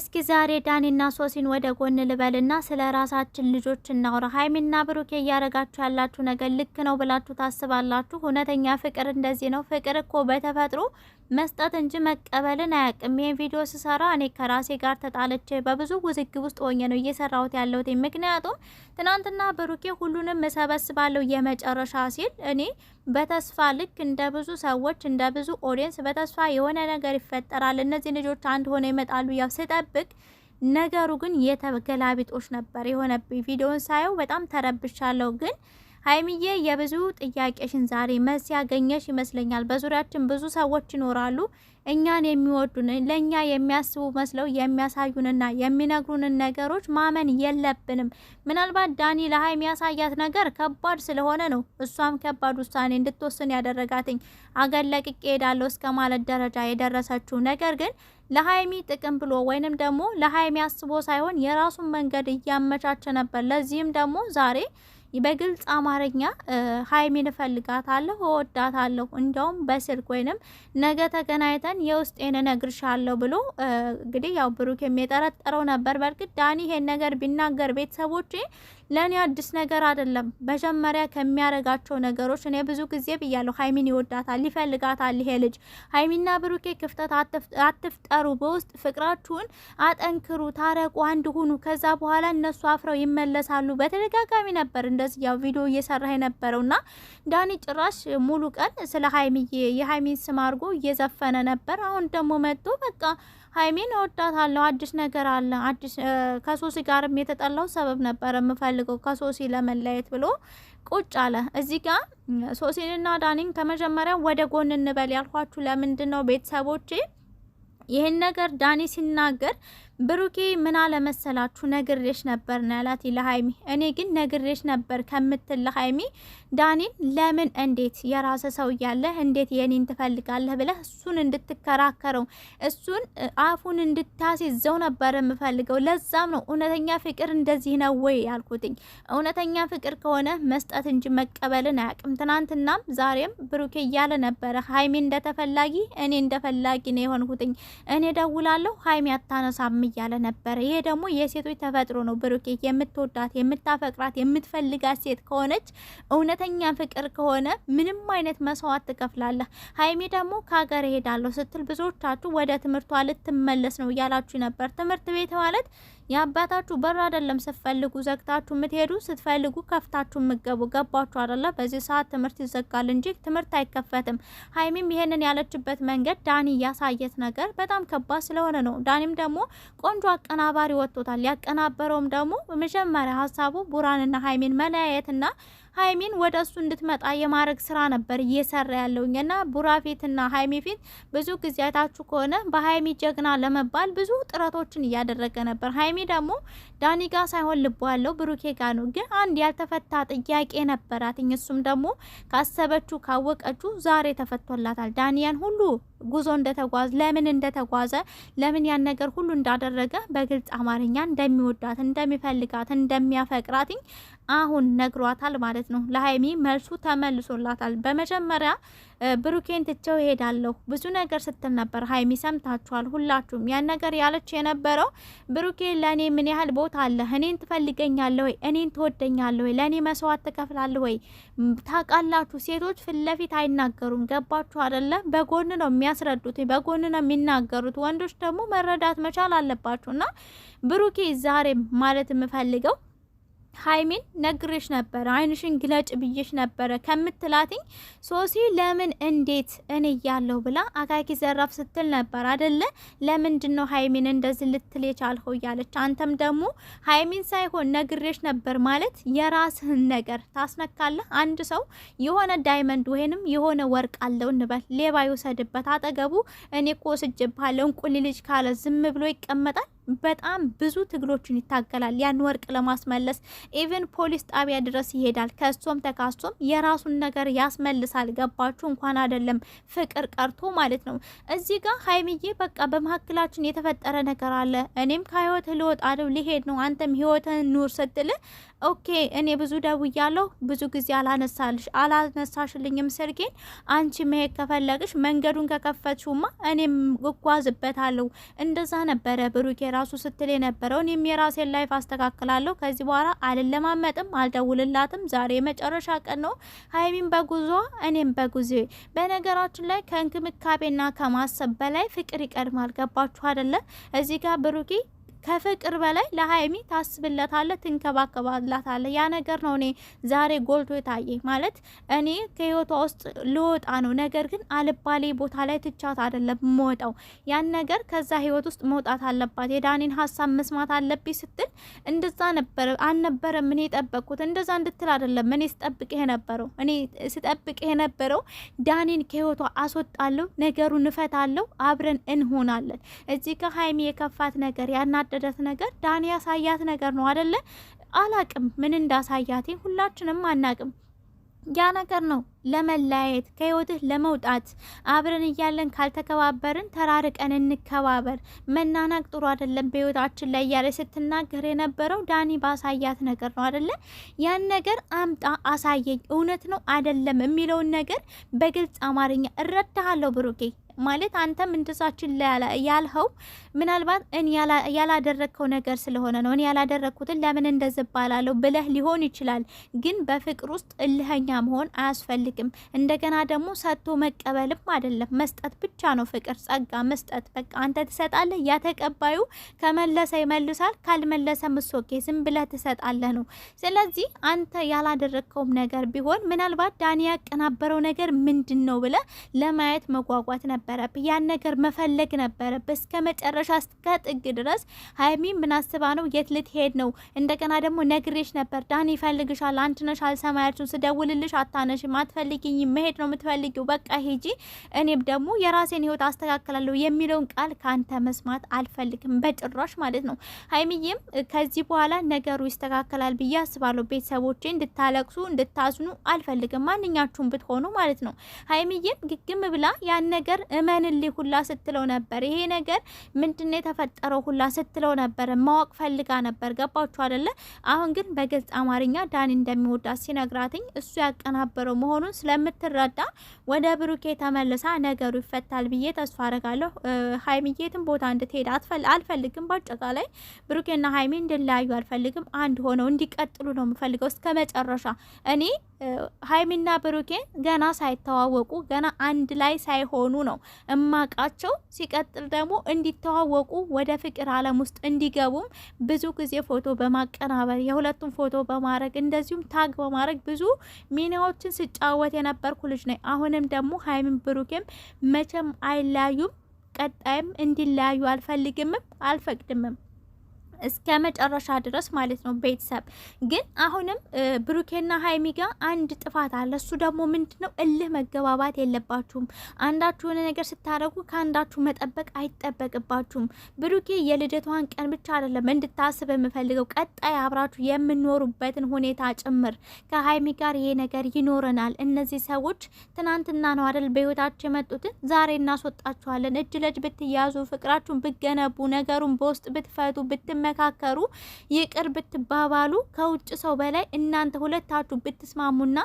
እስኪ ዛሬ ዳኒና ሶሲን ወደ ጎን ልበልና ስለ ራሳችን ልጆች እናውራ። ሀይሚና ብሩኬ እያደረጋችሁ ያላችሁ ነገር ልክ ነው ብላችሁ ታስባላችሁ? እውነተኛ ፍቅር እንደዚህ ነው? ፍቅር እኮ በተፈጥሮ መስጠት እንጂ መቀበልን አያውቅም። ይህን ቪዲዮ ስሰራ እኔ ከራሴ ጋር ተጣልቼ በብዙ ውዝግብ ውስጥ ሆኜ ነው እየሰራሁት ያለሁት። ምክንያቱም ትናንትና ብሩኬ ሁሉንም እሰበስባለሁ የመጨረሻ ሲል እኔ በተስፋ ልክ እንደ ብዙ ሰዎች እንደ ብዙ ኦዲየንስ በተስፋ የሆነ ነገር ይፈጠራል፣ እነዚህ ልጆች አንድ ሆነ ይመጣሉ ያው ስጠብቅ ነገሩ ግን የተገላቢጦች ነበር የሆነብኝ። ቪዲዮን ሳየው በጣም ተረብሻለሁ ግን ሀይሚዬ የብዙ ጥያቄሽን ዛሬ መልስ ያገኘሽ ይመስለኛል። በዙሪያችን ብዙ ሰዎች ይኖራሉ እኛን የሚወዱን ለእኛ የሚያስቡ መስለው የሚያሳዩንና የሚነግሩንን ነገሮች ማመን የለብንም። ምናልባት ዳኒ ለሀይሚ ያሳያት ነገር ከባድ ስለሆነ ነው እሷም ከባድ ውሳኔ እንድትወስን ያደረጋትኝ አገር ለቅቄ ሄዳለሁ እስከ ማለት ደረጃ የደረሰችው ነገር ግን ለሀይሚ ጥቅም ብሎ ወይንም ደግሞ ለሀይሚ አስቦ ሳይሆን የራሱን መንገድ እያመቻቸ ነበር። ለዚህም ደግሞ ዛሬ በግልጽ አማርኛ ሀይሚን እፈልጋታለሁ፣ እወዳታለሁ፣ እንዲያውም በስልክ ወይንም ነገ ተገናኝተን የውስጤን እነግርሻለሁ ብሎ እንግዲህ ያው ብሩክ የሚጠረጠረው ነበር። በእርግጥ ዳኒ ይሄን ነገር ቢናገር ቤተሰቦቼ ለእኔ አዲስ ነገር አይደለም። መጀመሪያ ከሚያደርጋቸው ነገሮች እኔ ብዙ ጊዜ ብያለሁ፣ ሀይሚን ይወዳታል፣ ይፈልጋታል። ይሄ ልጅ ሀይሚና ብሩኬ ክፍተት አትፍጠሩ፣ በውስጥ ፍቅራችሁን አጠንክሩ፣ ታረቁ፣ አንድ ሁኑ። ከዛ በኋላ እነሱ አፍረው ይመለሳሉ። በተደጋጋሚ ነበር እንደዚህ ያው ቪዲዮ እየሰራ ና ዳኒ ጭራሽ ሙሉ ቀን ስለ ሀይሚዬ የሀይሚን ስም አድርጎ እየዘፈነ ነበር። አሁን ደግሞ መጥቶ በቃ ሀይሚን እወዳታለሁ፣ አዲስ ነገር አለ፣ አዲስ ከሶሲ ጋርም የተጠላው ሰበብ ነበር የምፈልገው ከሶሲ ለመለየት ብሎ ቁጭ አለ። እዚህ ጋ ሶሲንና ዳኒን ከመጀመሪያ ወደ ጎን እንበል ያልኳችሁ ለምንድን ነው ቤተሰቦቼ? ይህን ነገር ዳኒ ሲናገር ብሩኬ ምን አለመሰላችሁ ነግሬሽ ነበር ነው ያላት ለሀይሚ። እኔ ግን ነግሬሽ ነበር ከምትል ለሀይሚ ዳኒን ለምን እንዴት የራሰ ሰው እያለህ እንዴት የኔን ትፈልጋለህ ብለህ እሱን እንድትከራከረው እሱን አፉን እንድታስይዘው ነበር የምፈልገው። ለዛም ነው እውነተኛ ፍቅር እንደዚህ ነው ወይ ያልኩትኝ። እውነተኛ ፍቅር ከሆነ መስጠት እንጂ መቀበልን አያውቅም። ትናንትናም ዛሬም ብሩኬ እያለ ነበረ ሀይሚ እንደተፈላጊ እኔ እንደፈላጊ ነው የሆንኩትኝ። እኔ ደውላለሁ ሀይሚ አታነሳም እያለ ነበር። ይሄ ደግሞ የሴቶች ተፈጥሮ ነው። ብሩኬ የምትወዳት የምታፈቅራት የምትፈልጋት ሴት ከሆነች እውነተኛ ፍቅር ከሆነ ምንም አይነት መስዋዕት ትከፍላለህ። ሀይሚ ደግሞ ከሀገር እሄዳለሁ ስትል ብዙዎቻችሁ ወደ ትምህርቷ ልትመለስ ነው እያላችሁ ነበር። ትምህርት ቤት ማለት የአባታችሁ በር አይደለም ስትፈልጉ ዘግታችሁ የምትሄዱ ስትፈልጉ ከፍታችሁ ምገቡ ገባችሁ አይደለ? በዚህ ሰዓት ትምህርት ይዘጋል እንጂ ትምህርት አይከፈትም። ሀይሚም ይሄንን ያለችበት መንገድ ዳኒ ያሳየት ነገር በጣም ከባድ ስለሆነ ነው። ዳኒም ደግሞ ቆንጆ አቀናባሪ ወጥቶታል። ያቀናበረውም ደግሞ መጀመሪያ ሀሳቡ ቡራንና ሀይሚን መለያየትና ሀይሚን ወደ እሱ እንድትመጣ የማድረግ ስራ ነበር እየሰራ ያለውኝ ና ቡራ ፊትና ሀይሚ ፊት ብዙ ጊዜ አይታችሁ ከሆነ በሀይሚ ጀግና ለመባል ብዙ ጥረቶችን እያደረገ ነበር። ሀይሚ ደግሞ ዳኒ ጋ ሳይሆን ልቦ ያለው ብሩኬ ጋ ነው። ግን አንድ ያልተፈታ ጥያቄ ነበራትኝ። እሱም ደግሞ ካሰበችው ካወቀችው ዛሬ ተፈቶላታል። ዳኒያን ሁሉ ጉዞ እንደተጓዘ ለምን እንደተጓዘ ለምን ያን ነገር ሁሉ እንዳደረገ በግልጽ አማርኛ እንደሚወዳት እንደሚፈልጋት እንደሚያፈቅራትኝ አሁን ነግሯታል ማለት ነው። ለሀይሚ መልሱ ተመልሶላታል። በመጀመሪያ ብሩኬን ትቸው ይሄዳለሁ ብዙ ነገር ስትል ነበር ሀይሚ ሰምታችኋል ሁላችሁም። ያን ነገር ያለች የነበረው ብሩኬ ለእኔ ምን ያህል ቦታ አለ እኔን ትፈልገኛለህ ወይ? እኔን ትወደኛለህ ወይ? ለእኔ መስዋዕት ትከፍላለህ ወይ? ታውቃላችሁ ሴቶች ፊት ለፊት አይናገሩም። ገባችሁ አይደለም በጎን ነው የሚያስረዱት በጎን ነው የሚናገሩት። ወንዶች ደግሞ መረዳት መቻል አለባችሁ እና ብሩኬ ዛሬ ማለት የምፈልገው ሀይሚን ነግሬሽ ነበረ፣ አይንሽን ግለጭ ብዬሽ ነበረ ከምትላትኝ ሶሲ ለምን እንዴት እኔ እያለሁ ብላ አካኪ ዘራፍ ስትል ነበር አደለ? ለምንድን ነው ሀይሚን እንደዚህ ልትል የቻልኸው? እያለች አንተም ደግሞ ሀይሚን ሳይሆን ነግሬሽ ነበር ማለት የራስህን ነገር ታስነካለህ። አንድ ሰው የሆነ ዳይመንድ ወይንም የሆነ ወርቅ አለው እንበል፣ ሌባ ይውሰድበት አጠገቡ እኔ ኮ ወስጄብሃለሁ ልጅ ካለ ዝም ብሎ ይቀመጣል? በጣም ብዙ ትግሎችን ይታገላል። ያን ወርቅ ለማስመለስ ኢቨን ፖሊስ ጣቢያ ድረስ ይሄዳል። ከሶም ተካሶም የራሱን ነገር ያስመልሳል። ገባችሁ? እንኳን አይደለም ፍቅር ቀርቶ ማለት ነው። እዚህ ጋር ሀይሚዬ በቃ በመካከላችን የተፈጠረ ነገር አለ፣ እኔም ከህይወት ልወጣ ነው ሊሄድ ነው፣ አንተም ህይወትን ኑር ስትል ኦኬ፣ እኔ ብዙ ደውያለሁ፣ ብዙ ጊዜ አላነሳልሽ አላነሳሽልኝም ስልኬን። አንቺ መሄድ ከፈለግሽ መንገዱን ከከፈትሽማ እኔም እጓዝበታለሁ። እንደዛ ነበረ ብሩኬራ ለራሱ ስትል የነበረው እኔም የራሴን ላይፍ አስተካክላለሁ፣ ከዚህ በኋላ አልለማመጥም፣ አልደውልላትም፣ ዛሬ የመጨረሻ ቀን ነው። ሀይሚን በጉዞ እኔም በጉዞ። በነገራችን ላይ ከእንክምካቤና ከማሰብ በላይ ፍቅር ይቀድማል። ገባችሁ አደለ? እዚህ ጋር ብሩኪ ከፍቅር በላይ ለሀይሚ ታስብለታለ ትንከባከባላታለ። ያ ነገር ነው እኔ ዛሬ ጎልቶ የታየ ማለት እኔ ከህይወቷ ውስጥ ልወጣ ነው፣ ነገር ግን አልባሌ ቦታ ላይ ትቻት አይደለም የምወጣው። ያን ነገር ከዛ ህይወት ውስጥ መውጣት አለባት፣ የዳኒን ሀሳብ መስማት አለብኝ ስትል እንደዛ ነበር አልነበረ? ምን የጠበቅኩት እንደዛ እንድትል አይደለም። እኔ ስጠብቅ የነበረው እኔ ስጠብቅ የነበረው ዳኒን ከህይወቷ አስወጣለሁ፣ ነገሩን እፈታለሁ፣ አብረን እንሆናለን። እዚህ ከሀይሚ የከፋት ነገር ያና ያናደዳት ነገር ዳኒ ያሳያት ነገር ነው አደለ? አላቅም ምን እንዳሳያት ሁላችንም አናቅም። ያ ነገር ነው ለመለያየት ከህይወትህ ለመውጣት አብረን እያለን ካልተከባበርን ተራርቀን እንከባበር፣ መናናቅ ጥሩ አይደለም በህይወታችን ላይ እያለ ስትናገር የነበረው ዳኒ ባሳያት ነገር ነው አደለ? ያን ነገር አምጣ አሳየኝ፣ እውነት ነው አይደለም የሚለውን ነገር በግልጽ አማርኛ እረዳሃለሁ ብሩኬ ማለት አንተም እንደዛችን ያልኸው ምናልባት እኔ ያላደረግከው ነገር ስለሆነ ነው። እኔ ያላደረግኩትን ለምን እንደዝባላለሁ ብለህ ሊሆን ይችላል። ግን በፍቅር ውስጥ እልኸኛ መሆን አያስፈልግም። እንደገና ደግሞ ሰጥቶ መቀበልም አይደለም፣ መስጠት ብቻ ነው ፍቅር። ጸጋ መስጠት በቃ አንተ ትሰጣለህ። ያ ተቀባዩ ከመለሰ ይመልሳል፣ ካልመለሰ ምሶኬ ዝም ብለህ ትሰጣለህ ነው። ስለዚህ አንተ ያላደረግከውም ነገር ቢሆን ምናልባት ዳኒ ያቀናበረው ነገር ምንድን ነው ብለህ ለማየት መጓጓት ነበር። ነበረብህ፣ ያን ነገር መፈለግ ነበረብህ እስከ መጨረሻ እስከ ጥግ ድረስ። ሀይሚን ምን አስባ ነው? የት ልትሄድ ነው? እንደገና ደግሞ ነግሬሽ ነበር፣ ዳኒ ይፈልግሻል፣ አንቺ ነሽ አልሰማያችሁ፣ ስደውልልሽ አታነሽም፣ አትፈልጊኝም፣ መሄድ ነው የምትፈልጊው፣ በቃ ሂጂ፣ እኔም ደግሞ የራሴን ህይወት አስተካክላለሁ የሚለውን ቃል ከአንተ መስማት አልፈልግም በጭራሽ ማለት ነው። ሀይሚዬም ከዚህ በኋላ ነገሩ ይስተካከላል ብዬ አስባለሁ። ቤተሰቦቼ እንድታለቅሱ እንድታዝኑ አልፈልግም ማንኛችሁም ብትሆኑ ማለት ነው። ሀይሚዬም ግግም ብላ ያን ነገር እመንልኝ ሁላ ስትለው ነበር። ይሄ ነገር ምንድነው የተፈጠረው ሁላ ስትለው ነበር። ማወቅ ፈልጋ ነበር። ገባችሁ አይደለ? አሁን ግን በግልጽ አማርኛ ዳኒ እንደሚወዳት ሲነግራትኝ እሱ ያቀናበረው መሆኑን ስለምትረዳ ወደ ብሩኬ ተመልሳ ነገሩ ይፈታል ብዬ ተስፋ አረጋለሁ። ሀይሚዬትም ቦታ እንድትሄድ አልፈልግም። በአጠቃላይ ብሩኬና ሀይሚ እንድለያዩ አልፈልግም። አንድ ሆነው እንዲቀጥሉ ነው የምፈልገው እስከ መጨረሻ እኔ ሀይሚና ብሩኬ ገና ሳይተዋወቁ ገና አንድ ላይ ሳይሆኑ ነው እማቃቸው። ሲቀጥል ደግሞ እንዲተዋወቁ ወደ ፍቅር አለም ውስጥ እንዲገቡም ብዙ ጊዜ ፎቶ በማቀናበር የሁለቱም ፎቶ በማድረግ እንደዚሁም ታግ በማድረግ ብዙ ሚናዎችን ስጫወት የነበርኩ ልጅ ነኝ። አሁንም ደግሞ ሀይምን ብሩኬም መቼም አይለያዩም። ቀጣይም እንዲለያዩ አልፈልግምም አልፈቅድምም። እስከ መጨረሻ ድረስ ማለት ነው። ቤተሰብ ግን አሁንም ብሩኬና ሀይሚ ጋር አንድ ጥፋት አለ። እሱ ደግሞ ምንድነው እልህ መገባባት የለባችሁም። አንዳችሁ የሆነ ነገር ስታደርጉ ከአንዳችሁ መጠበቅ አይጠበቅባችሁም። ብሩኬ የልደቷን ቀን ብቻ አይደለም እንድታስብ የምፈልገው ቀጣይ አብራችሁ የምኖሩበትን ሁኔታ ጭምር ከሀይሚ ጋር ይሄ ነገር ይኖረናል። እነዚህ ሰዎች ትናንትና ነው አይደል በህይወታቸው የመጡትን ዛሬ እናስወጣችኋለን። እጅ ለእጅ ብትያዙ፣ ፍቅራችሁን ብገነቡ ነገሩን በውስጥ ብትፈቱ ብትመ ብትመካከሩ ይቅር ብትባባሉ ከውጭ ሰው በላይ እናንተ ሁለታችሁ ብትስማሙና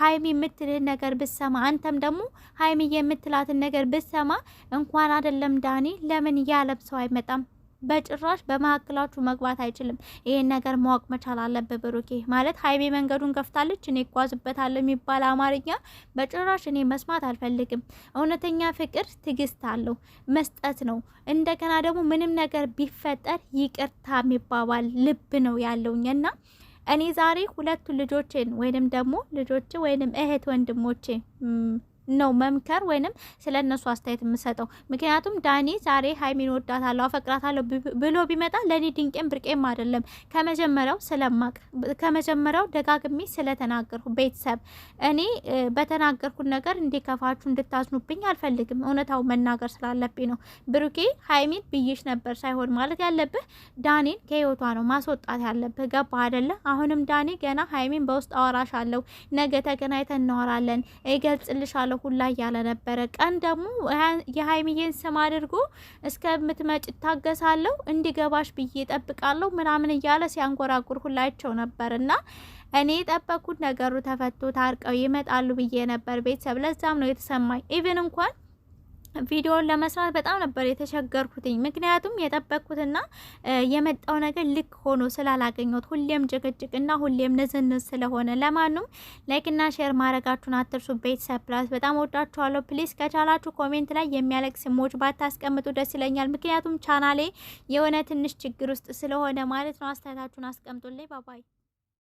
ሀይሚ የምትልህን ነገር ብሰማ አንተም ደግሞ ሀይሚ የምትላትን ነገር ብሰማ እንኳን አይደለም ዳኒ ለምን እያለብሰው አይመጣም? በጭራሽ በመካከላችሁ መግባት አይችልም። ይሄን ነገር ማወቅ መቻል አለበት። ብሩኬ ማለት ሀይሜ መንገዱን ከፍታለች፣ እኔ እጓዝበታለሁ የሚባል አማርኛ በጭራሽ እኔ መስማት አልፈልግም። እውነተኛ ፍቅር ትግስት አለው፣ መስጠት ነው። እንደገና ደግሞ ምንም ነገር ቢፈጠር ይቅርታ የሚባባል ልብ ነው ያለውኝ እና እኔ ዛሬ ሁለቱ ልጆችን ወይንም ደግሞ ልጆች ወይንም እህት ወንድሞቼ ነው መምከር ወይንም ስለ እነሱ አስተያየት የምሰጠው። ምክንያቱም ዳኒ ዛሬ ሀይሚን ወዳታለሁ አፈቅራታለሁ ብሎ ቢመጣ ለእኔ ድንቄም ብርቄም አይደለም። ከመጀመሪያው ስለማቅ ከመጀመሪያው ደጋግሜ ስለተናገርኩ ቤተሰብ እኔ በተናገርኩት ነገር እንዲከፋችሁ እንድታዝኑብኝ አልፈልግም። እውነታው መናገር ስላለብኝ ነው። ብሩኬ ሀይሚን ብይሽ ነበር ሳይሆን ማለት ያለብህ ዳኒን ከህይወቷ ነው ማስወጣት ያለብህ። ገባ አይደለ? አሁንም ዳኒ ገና ሀይሚን በውስጥ አወራሻለሁ፣ ነገ ተገናኝተን እናወራለን፣ እገልጽልሻለሁ እወድሻለሁ ሁላ እያለ ነበረ። ቀን ደግሞ የሀይሚዬን ስም አድርጎ እስከምትመጭ እታገሳለሁ እንዲገባሽ ብዬ ጠብቃለሁ ምናምን እያለ ሲያንጎራጉር ሁላቸው ነበር እና እኔ የጠበኩት ነገሩ ተፈቶ ታርቀው ይመጣሉ ብዬ ነበር ቤተሰብ። ለዛም ነው የተሰማኝ ኢቭን እንኳን ቪዲዮውን ለመስራት በጣም ነበር የተቸገርኩትኝ። ምክንያቱም የጠበቅኩትና የመጣው ነገር ልክ ሆኖ ስላላገኘት ሁሌም ጭቅጭቅና ሁሌም ንዝንዝ ስለሆነ ለማንም ላይክና ሼር ማድረጋችሁን አትርሱ። ቤተሰብ ፕላስ በጣም ወዳችኋለሁ። ፕሊስ ከቻላችሁ ኮሜንት ላይ የሚያለቅስ ስሞች ባታስቀምጡ ደስ ይለኛል። ምክንያቱም ቻናሌ የሆነ ትንሽ ችግር ውስጥ ስለሆነ ማለት ነው። አስተያየታችሁን አስቀምጡልኝ። ባባይ